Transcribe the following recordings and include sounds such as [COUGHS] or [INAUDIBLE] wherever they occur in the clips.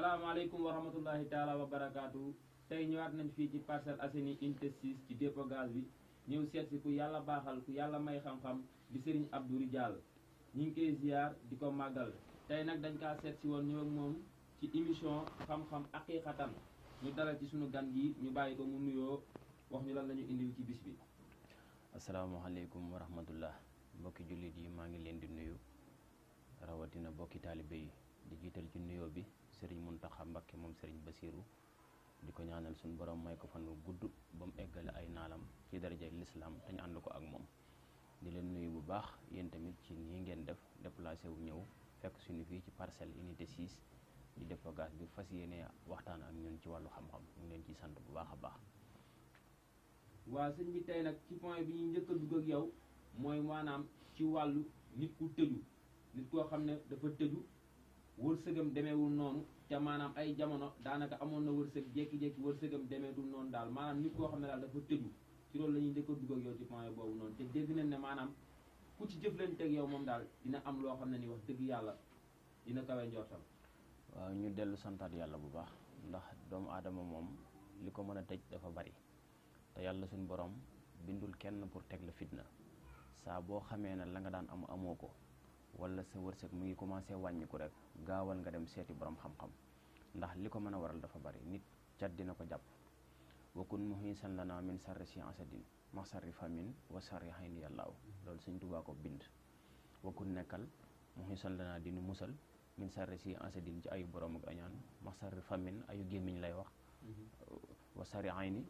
salaamaaleykum wa rahmatullahi taala wa barakaatu tey ñëwaat nañ fii ci Parcelles Assainies unité ci dépôt gaz bi ñëw seet si ku yàlla baaxal ku yàlla may xam-xam di Serigne Abdou Ridial ñu ngi koy di ko màggal tey nag dañ kaa seet woon ñëw moom ci émission xam-xam aqiqatan ñu dalal ci sunu gan gi ñu bàyyi ko mu nuyoo wax ñu la ñu indil ci bis bi. asalaamaaleykum wa rahmatullah mbokki jullit yi maa ngi leen di nuyu rawatina mbokki taalibe yi. di jiital ci nuyoo bi sëriñ Muntaxa Mbakke moom sëriñ Basiiru di ko ñaanal suñu borom may ko fan gudd ba mu eggale ay naalam ci darajay lislaam te ñu ànd ko ak moom di leen nuyu bu baax yéen tamit ci nii ngeen def déplacé wu ñëw fekk suñu fii ci parcelle unité 6 di def dépogage bi fas yéene waxtaan ak ñun ci wàllu xam-xam ñu leen ciy sant bu baax a baax waa sëñ bi tey nag ci point bi ñuy njëkk a dugg ak yow mooy maanaam ci wàllu nit ku tëju nit koo xam ne dafa tëju wërsëgam demeewul noonu te maanaam ay jamono daanaka amoon na wërsëg jékki-jékki wërsëgam demeetul noonu daal maanaam nit koo xam ne daal dafa tëju ci loolu la ñuy njëkk a dugg ak yow ci point boobu noonu te dégg nañ ne maanaam ku ci jëflanteeg yow moom daal dina am loo xam ne ni wax dëgg yàlla dina kawe njortam waaw ñu dellu santaat yàlla bu baax ndax doomu aadama moom li ko mën a tëj dafa bari te yàlla suñu borom bindul kenn pour teg la fitna saa boo xamee ne la nga daan am amoo ko wala sa wërsëg mu ngi commencé wàññiku rek gaawal nga dem seeti borom xam-xam ndax li ko mën a waral dafa bari nit cat dina ko jàpp wakun muhisan lana min sarri si asadin masarri famin wa sarri xayni yàllaaw loolu sëñ Tuubaa ko bind wakun nekkal muhisan lana dinu musal min sarri si asadin ci ayu borom ak añaan masarri famin ayu gémmiñ lay wax mhm. wa sarri ni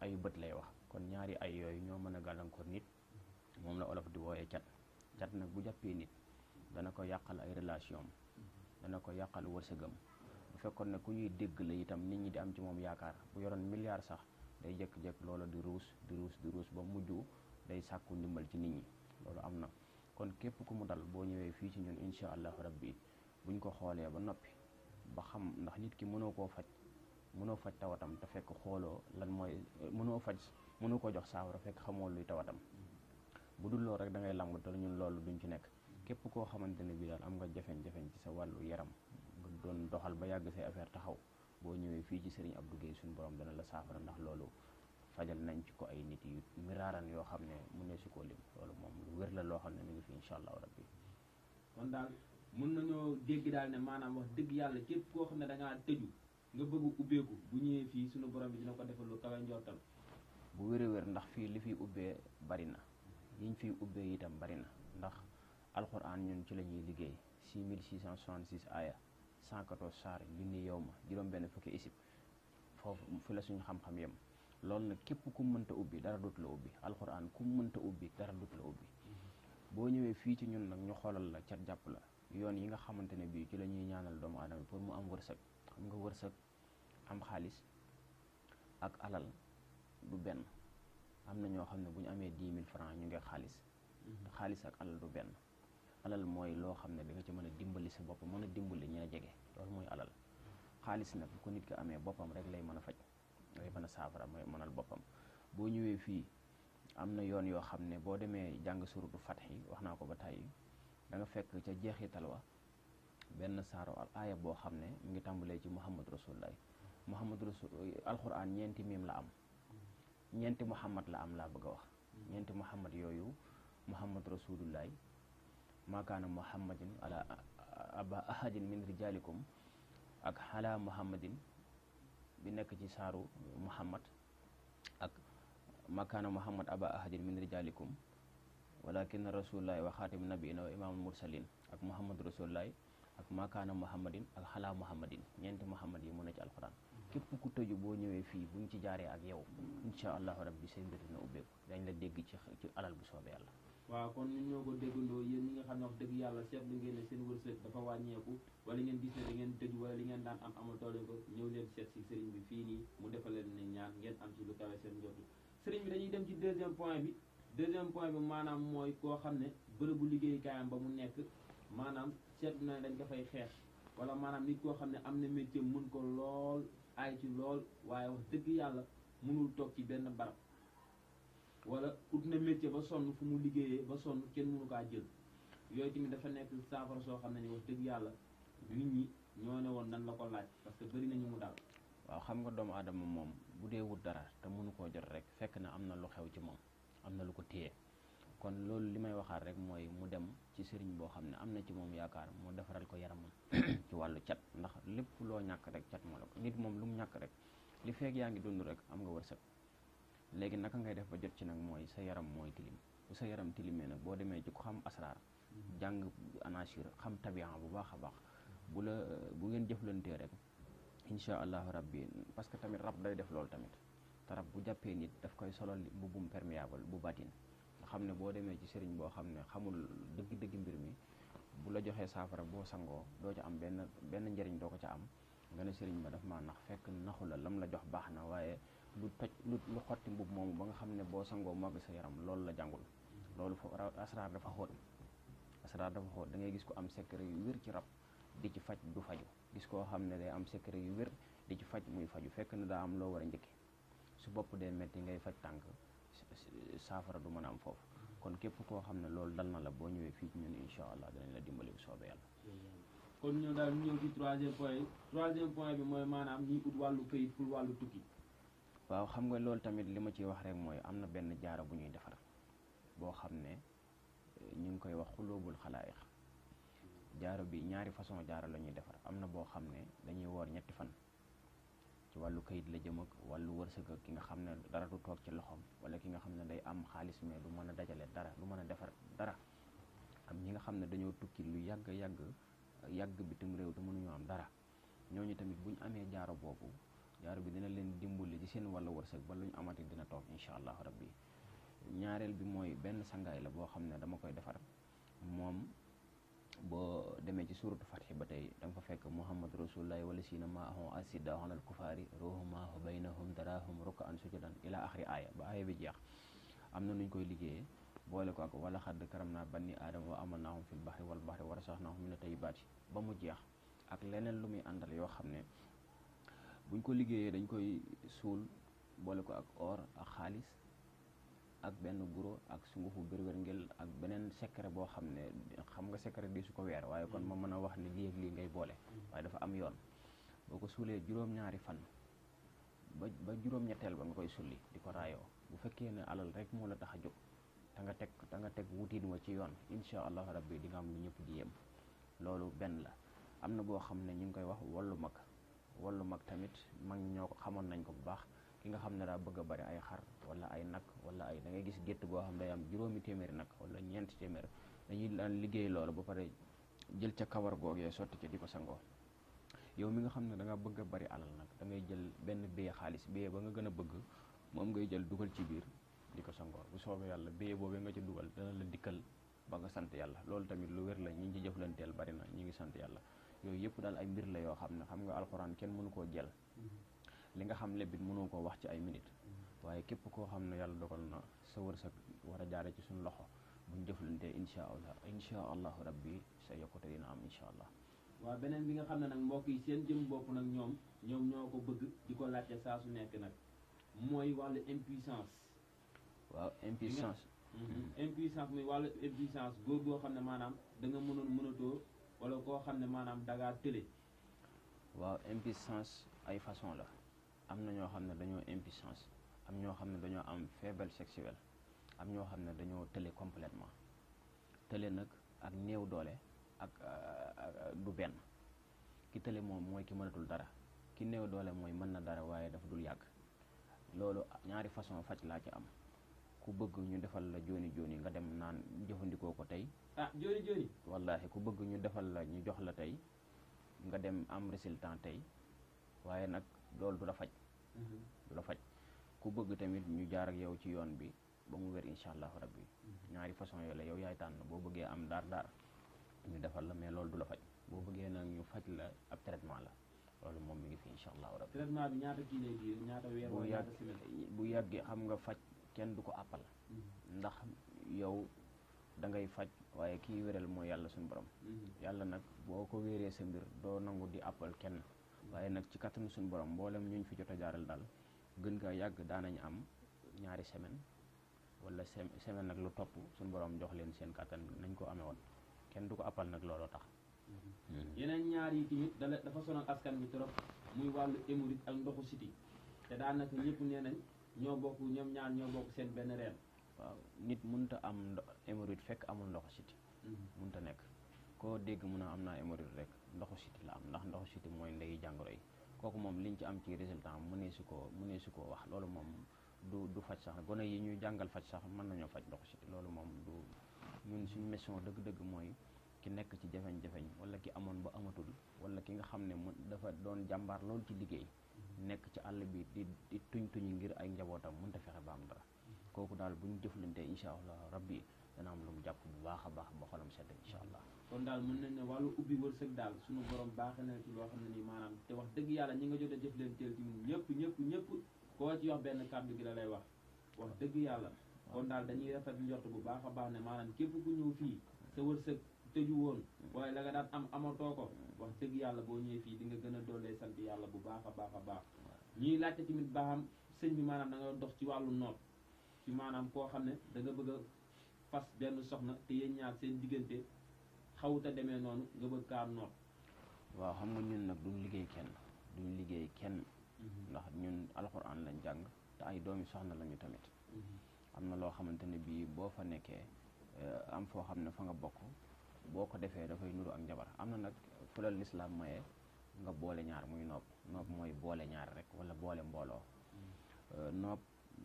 ayu bët lay wax kon ñaari ay yooyu ñoo mën a gàllankoor nit moom la olof di wooyee cat cat nag bu jàppee nit dana ko yàqal ay relation dana ko yàqal wërsëgam bu fekkoon ne ku ñuy dégg la itam nit ñi di am ci moom yaakaar bu yoroon milliard sax day jékki-jékki loola di ruus di ruus di ruus ba mujj day sàkku ndimbal ci nit ñi loolu am na kon képp ku mu dal boo ñëwee fii ci ñun incha allahu rabbi buñ ko xoolee ba noppi ba xam ndax nit ki mënoo koo faj mënoo faj tawatam te fekk xooloo lan mooy mënoo faj mënoo ko jox saafara fekk xamoo luy tawatam bu dul loolu rek da ngay làmb te ñun loolu duñ ci nekk képp koo xamante ne bi daal am nga jafeñ-jafeñ ci sa wàllu yaram nga doon doxal ba yàgg say affaire taxaw boo ñëwee fii ci Serigne ab duggee suñu borom dana la saafara ndax loolu fajal nañ ci ko ay nit yu miraaran yoo xam ne mun ne si koo lim loolu moom lu wér la loo xam ne mi ngi fi incha allahu rabbi kon daal mën nañoo dégg daal ne maanaam wax dëgg yàlla képp koo xam ne da ngaa tëju nga bëgg ubbeeku bu ñëwee fii suñu borom bi dina ko defal lu kawe njortal bu wér ndax fii li fiy ubbee bari na yiñ fiy ubbee itam bari na ndax alxuraan ñun ci la ñuy liggéey 6666 aaya 114 saar junni yow ma juróom-benn fukki isib foofu fi la suñu xam-xam yem loolu nag képp ku mënta ubbi dara dut la ubbi alxuraan ku mënta ubbi dara dut la ubbi boo ñëwee fii ci ñun nag ñu xoolal la cat jàpp la yoon yi nga xamante ne bii ci la ñuy ñaanal doomu aadama pour mu am wërsëg xam nga wërsëg am xaalis ak alal du benn am na ñoo xam ne bu ñu amee 10 000 francs ñu ngi xaalis te mm-hmm. xaalis ak alal du benn alal mooy loo xam ne da nga ci mën a dimbali sa bopp mën a dimbali ñi la jege loolu mooy alal xaalis nag bu ko nit ki amee boppam rek lay mën a faj lay mën a saafara mooy mënal boppam boo ñëwee fii am na yoon yoo xam ne boo demee jàng suratu fatx yi wax naa ko ba tàyyi danga fekk ca jeexital wa benn saaro al aaya boo xam ne mu ngi tàmbalee ci muhammad rasulullah muhammad rasul alquran ñeenti miim la am ñeenti muhammad la am laa bëgg a wax ñeenti muhammad yooyu muhammad rasulullah makaana kaana muhammadin ala aba ahadin min rijalikum ak xala muhammadin bi nekk ci saaru muhammad ak ma kaana muhammad aba ahadin min rijalikum walakin rasulullahi wa xaatim nabiina wa imaamul mursalin ak muhammad rasulullahi ak ma kaana muhammadin ak xala muhammadin ñeenti muhammad yi mu ne ci alquran képp ku tëju boo ñëwee fii buñ ci jaaree ak yow insha allahu rabbi say mbir dina ubbeeku dañ la dégg ci ci alal bu soobee yàlla waaw kon ñun ñoo ko déggandoo yéen ñi nga xam ne wax dëgg yàlla seetlu ngeen ne seen wërsëg dafa wàññeeku wala ngeen gis ne da ngeen tëj wala li ngeen daan am amatoo leen ko ñëw leen seet fii nii mu defal leen ne ñaan ngeen am ci lu kawe seen njot sëriñ bi dañuy dem ci deuxième point bi deuxième point bi maanaam mooy koo xam ne bërëbu liggéeykaayam ba mu nekk maanaam seetlu na dañ ko fay xeex wala maanaam nit koo xam ne am na métier mën ko lool aay ci lool waaye wax dëgg yàlla mënul toog ci benn barab wala ut na métier ba sonn fu mu liggéeyee ba sonn kenn mënu kaa jël yooyu tamit dafa nekk saafara soo xam ne ni wax dëgg yàlla nit ñi ñoo ne woon nan la ko laaj parce que bëri nañu mu daal waaw xam nga doomu aadama moom bu dee wut dara te mënu koo jot rek fekk na am na lu xew ci moom am na lu ko téye kon loolu li may waxaat rek mooy mu dem ci sëriñ boo xam ne am na ci moom yaakaar mu defaral ko yaramam [COUGHS] ci wàllu cat ndax lépp loo ñàkk rek cat moo la ko nit moom lu mu ñàkk rek li feek yaa ngi dund rek am nga wërsëg léegi naka ngay def ba jot ci nag mooy sa yaram mooy tilim bu sa yaram tilimee nag boo demee ci ko xam asraar mm-hmm. jàng anasir xam tabian bu baax a baax bu la bu ngeen jëflantee rek incha rab bi parce que tamit rab day def loolu tamit te bu jàppee nit daf koy solo solal mbubum perméable bu batin nga xam ne boo demee ci sëriñ boo xam ne xamul dëgg-dëgg mbir mi bu la joxee saafara boo sangoo doo ca am benn benn njëriñ doo ko ca am nga ne sëriñ ba daf maa nax fekk naxu la lam la jox baax na waaye lu toj lu lu xotti mbub moom ba nga xam ne boo sangoo mag sa yaram loolu la jàngul loolu foofu asraar dafa xóot asraar dafa xóot da ngay gis ko am secret yu wér ci rab di ci faj du faju gis koo xam ne day am secret yu wér di ci faj muy faju fekk na daa am loo war a njëkke su bopp dee metti ngay faj tànk saafara du mën a am foofu kon képp koo xam ne loolu dal na la boo ñëwee fii ci ñun incha allah danañ la dimbali bu soobee yàlla kon ñu daal ñëw ci troisième point troisième point bi mooy wàllu këyit pour wàllu tukki waaw xam nga loolu tamit li ma ciy wax rek mooy am na benn jaaro bu ñuy defar boo xam ne eh, ñu ngi koy wax xulóobul xalaayiq jaaro bi ñaari façon jaaro la ñuy defar am na boo xam ne dañuy woor ñetti fan ci wàllu kayit la jëm ak wàllu wërsëg ak ki nga xam ne dara du toog ci loxoom wala ki nga xam ne day am xaalis mais du mën a dajale dara du mën a defar dara am ñi nga xam ne dañoo tukki lu yàgg yàgg yàgg bitim réew te mënuñoo am dara ñooñu tamit bu ñu amee jaaro boobu yaar bi dina leen dimbali ci seen wàllu wërsëg ba lu ñu amati dina toog incha allahu rabbi ñaareel bi mooy benn sangaay la boo xam ne dama koy defar moom boo demee ci suuratu fatxi ba tey da nga fa fekk muhammad rasulullahi wala siina maahon asida waxanal kufaari ruhumahu baynahum darahum ruka an sujudan ila axri aaya ba aaya bi jeex am na nuñ koy liggéeyee boole ko ak wala xadd karam naa banni aadama wa amal naahum fil baxri wal baxri wa rasax naahum min baat yi ba mu jeex ak leneen lu muy àndal yoo xam ne ko liggéeyee dañ koy suul boole ko ak or ak xaalis ak benn guro ak sungufu bërwér ngel ak beneen secret boo xam ne xam nga secret di su ko weer waaye kon ma mën a wax ni lii ak lii ngay boole waaye dafa am yoon boo ko suulee juróom-ñaari fan ba ba juróom-ñetteel ba nga koy sulli di ko raayoo bu fekkee ne alal rek moo la tax a jóg te nga teg te nga teg wutiin wa ci yoon insha allahu rabbi di nga am lu ñëpp di yem loolu benn la am na boo xam ne ñu ngi koy wax wallu mag wallu mag tamit mag ñoo ko xamoon nañ ko bu baax ki nga xam ne daa bëgg a bari ay xar wala ay nag wala ay da ngay gis gétt goo xam day am juróomi téeméeri nag wala ñeenti téeméer dañuy daan liggéey loolu ba pare jël ca kawar googee sotti ca di ko sangoo yow mi nga xam ne danga nga bëgg a bari alal nag dangay jël benn béye xaalis béye ba nga gën a bëgg moom ngay jël dugal ci biir di ko sangoor bu soobee yàlla béye boobee nga ci dugal dana la dikkal ba nga sant yàlla loolu tamit lu wér la ñi ngi ci jëflanteel bari na ñi ngi sant yàlla yooyu yëpp daal ay mbir la yoo xam ne xam nga alxuraan kenn mënu koo jël li nga xam lébbit mënoo koo wax ci ay minute waaye képp koo xam ne yàlla dogal na sa wërsëg war a jaare ci suñu loxo buñ jëflantee incha allah incha allahu rabbi sa yokkute dina am incha allah waaw beneen bi nga xam ne nag mbokk yi seen jëm bopp nag ñoom ñoom ñoo ko bëgg di ko laajte saa su nekk nag mooy wàllu impuissance waaw impuissance impuissance muy wàllu impuissance góor goo xam ne maanaam da nga mënoon mënatoo wala koo xam ne maanaam dangaa tële waaw impuissance ay façon la am na ñoo xam ne dañoo impuissance am ñoo xam ne dañoo am faible sexuelle am ñoo xam ne dañoo tële complètement tële nag ak néew doole ak euh, euh, du benn ki tële moom mooy ki mënatul dara ki néew doole mooy mën na dara waaye dafa dul yàgg loolu ñaari façon faj laa ci am ku bëgg ñu defal la jooni jooni nga dem naan jëfandikoo ko tey. ah jooni jooni. wallaahi ku bëgg ñu defal la ñu jox la tey nga dem am résultat tey waaye nag loolu du la faj. Mhm. du la faj ku bëgg tamit ñu jaar ak yow ci yoon bi ba mu wér incha allahu rabbi mhm. ñaari façon yooyu la yow yaay tànn boo bëggee am daar daar ñu defal la mais loolu du la faj boo bëggee nag ñu faj la ab traitement la. loolu moom mi ngi fi incha allahu rabbi bu yàgg xam nga faj kenn du ko àppal mm-hmm. ndax yow da ngay faj waaye kii wéral mooy yàlla suñ borom mm-hmm. yàlla nag boo ko wéeree sa mbir doo nangu di appal kenn mm-hmm. waaye nag ci kattanu suñu borom mboolem ñu fi jot a jaaral daal gën kaa yàgg daanañu am ñaari semaine wala semaine nag lu topp suñ borom jox leen seen kattan nañ ko amee woon kenn du ko appal nag looloo tax yeneen ñaar yi tamit dafa sonal askan bi trop muy wàllu hémorroïde ak ndoxu siti te daanaka ñëpp nee nañ ñoo bokk ñoom ñaan ñoo bokk seen benn reen. waaw nit mënut a am ndo hémorroïde fekk amul ndox siti. mënut mm-hmm. a nekk koo dégg mun a am naa hémorroïde rek ndoxu siti la am ndax ndox siti mooy ndey jàngoro yi kooku moom liñ ci am ci résultat am mënee su koo mënee su koo wax loolu moom du du faj sax gone yi ñuy jàngal faj sax mën nañoo faj ndoxu siti loolu moom du ñun suñu mission dëgg-dëgg mooy. ki nekk ci jafeñ-jafeñ wala ki amoon ba amatul wala ki nga xam ne mu dafa doon jàmbaar loolu ci liggéey nekk ci àll bi di tuñ tuñi ngir ay njabootam mënta fexe ba am dara mm-hmm. kooku daal bu ñu jëflante incha allah rabbi dana am lu mu jàpp bu baax a baax ba xolam sedd incha mm-hmm. allah kon daal mën nañ ne wàllu ubbi wërsëg daal suñu borom baaxee na ci loo xam ne nii maanaam te wax dëgg yàlla ñi nga jot a jëflanteel ci ñun ñëpp ñëpp ñëpp koo ci wax benn kàddu gi la lay wax wax dëgg yàlla kon daal dañuy rafet njort bu baax a baax ne maanaam képp ku ñëw fii sa wërsëg tëju woon mm-hmm. waaye la nga wax dëgg yàlla boo ñëwee fii di nga gën a doolee sant yàlla bu baax a baax a baax ñuy laajte tamit baaxam sëñ bi maanaam da dox ci wàllu nopp ci maanaam koo xam ne danga nga bëgg a fas benn soxna te yéen ñaar seen diggante xawut a demee noonu nga bëgg kaa nopp waaw xam nga ñun nag du liggéey kenn du liggéey kenn mhm. ndax ñun alxuraan lañ jàng te ay doomi soxna lañu tamit mhm. am na loo xamante ne bii boo fa nekkee eh, am foo xam ne fa nga bokk boo ko defee dafay nuru ak njabar am na nag fu lislaam maye nga boole ñaar muy noob noob mooy boole ñaar rek wala boole mbooloo euh, noob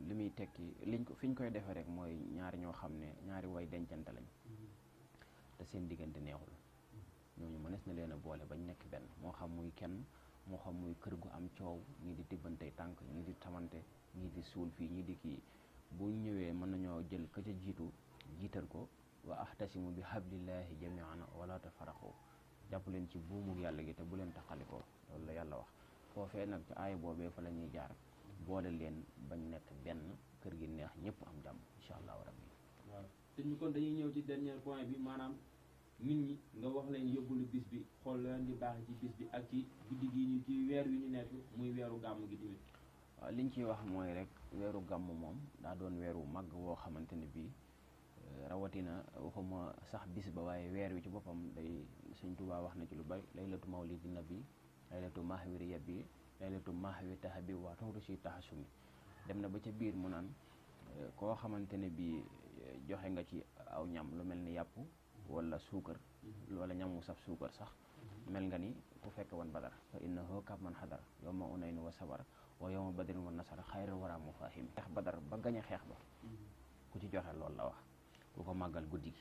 li muy tekki liñ ko fi ñu koy defee rek mooy ñaar ñoo xam ne ñaari way dencante lañ te seen diggante neexul ñooñu mënees na leen a boole bañ nekk benn moo xam muy kenn moo xam muy kër gu am coow ñii di dibbantey tànk ñii di tamante ñii di suul fii ñii di kii bu ñëwee mën nañoo jël ka ca jiitu jiital ko wa ahtasimu bi hablillahi jamian wala tafaraqu jàpp leen ci buumu yàlla gi te bu leen taxalikoo loolu la yàlla wax foofee nag ci aaya boobee fa la ñuy jaar boole leen bañ nekk benn kër gi neex ñëpp am jàmm incha allahu rabbi waaw te ñu kon dañuy ñëw ci dernier point bi maanaam nit ñi nga wax leen yóbbulu bis bi xool leen di baax ci bis bi ak ci guddi gi ñu ci weer wi ñu nekk muy weeru gàmm gi tamit waaw liñ ciy wax mooy rek weeru gàmm moom daa doon weeru màgg woo xamante ne bii rawatina waxuma sax bis ba waaye weer wi ci boppam day Sëñ Tuubaa wax na ci lu bari laylatu mawlidi nabi laylatu mahwi riyabi yi mahwi tahabi waa toxru si taxasumi dem na ba ca biir mu naan koo xamante ne bii joxe nga ci aw ñam lu mel ni yàpp wala suukar wala ñam wu suukar sax mel nga ni ku fekk woon badar fa innahu kab man xadar yow ma wa sabar wa yow ma badrin wa nasar xayral wara mu fahim xeex badar ba gañ a xeex ba ku ci joxe loolu la wax ku ko màggal guddi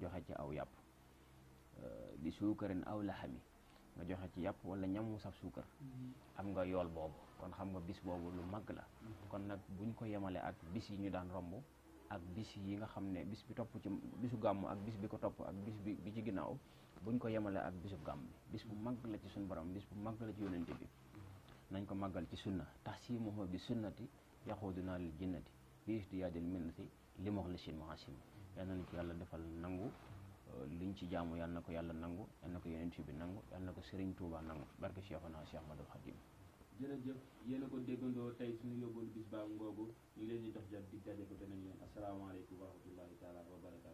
joxe ci aw yàpp bi euh, suukarin aw laxami nga joxe ci yàpp wala wu saf suukar mm-hmm. am nga yool boobu kon xam nga bis boobu lu mag la mm-hmm. kon nag buñ ko yemale ak bis yi ñu daan romb ak bis yi nga xam ne bis bi topp ci bisu gàmm ak bis bi ko topp ak bis bi bi ci ginnaaw buñ ko yemale ak bisu gàmm bi bis bu mag la ci suñu borom bis bu mag la ci yonente bi mm-hmm. nañ ko màggal ci sunna tax si mooma bi sunnati yaxuudunaa lil jinnati bi ihtiyaadil minnati li mox la sin moxasim yal na ko yàlla defal nangu euh, liñ ci jaamu yal na ko yàlla nangu yal na ko yonent bi nangu yal na ko Serigne Touba nangu barke Cheikhuna Cheikh Ahmadou Khadim jërëjëf yéen a ko déggandoo tey suñu yóbboon bis baa ngoogu ñu leen di dox jot di daje ko beneen yoon asalaamaaleykum wa rahmatullahi taala wa barakaatu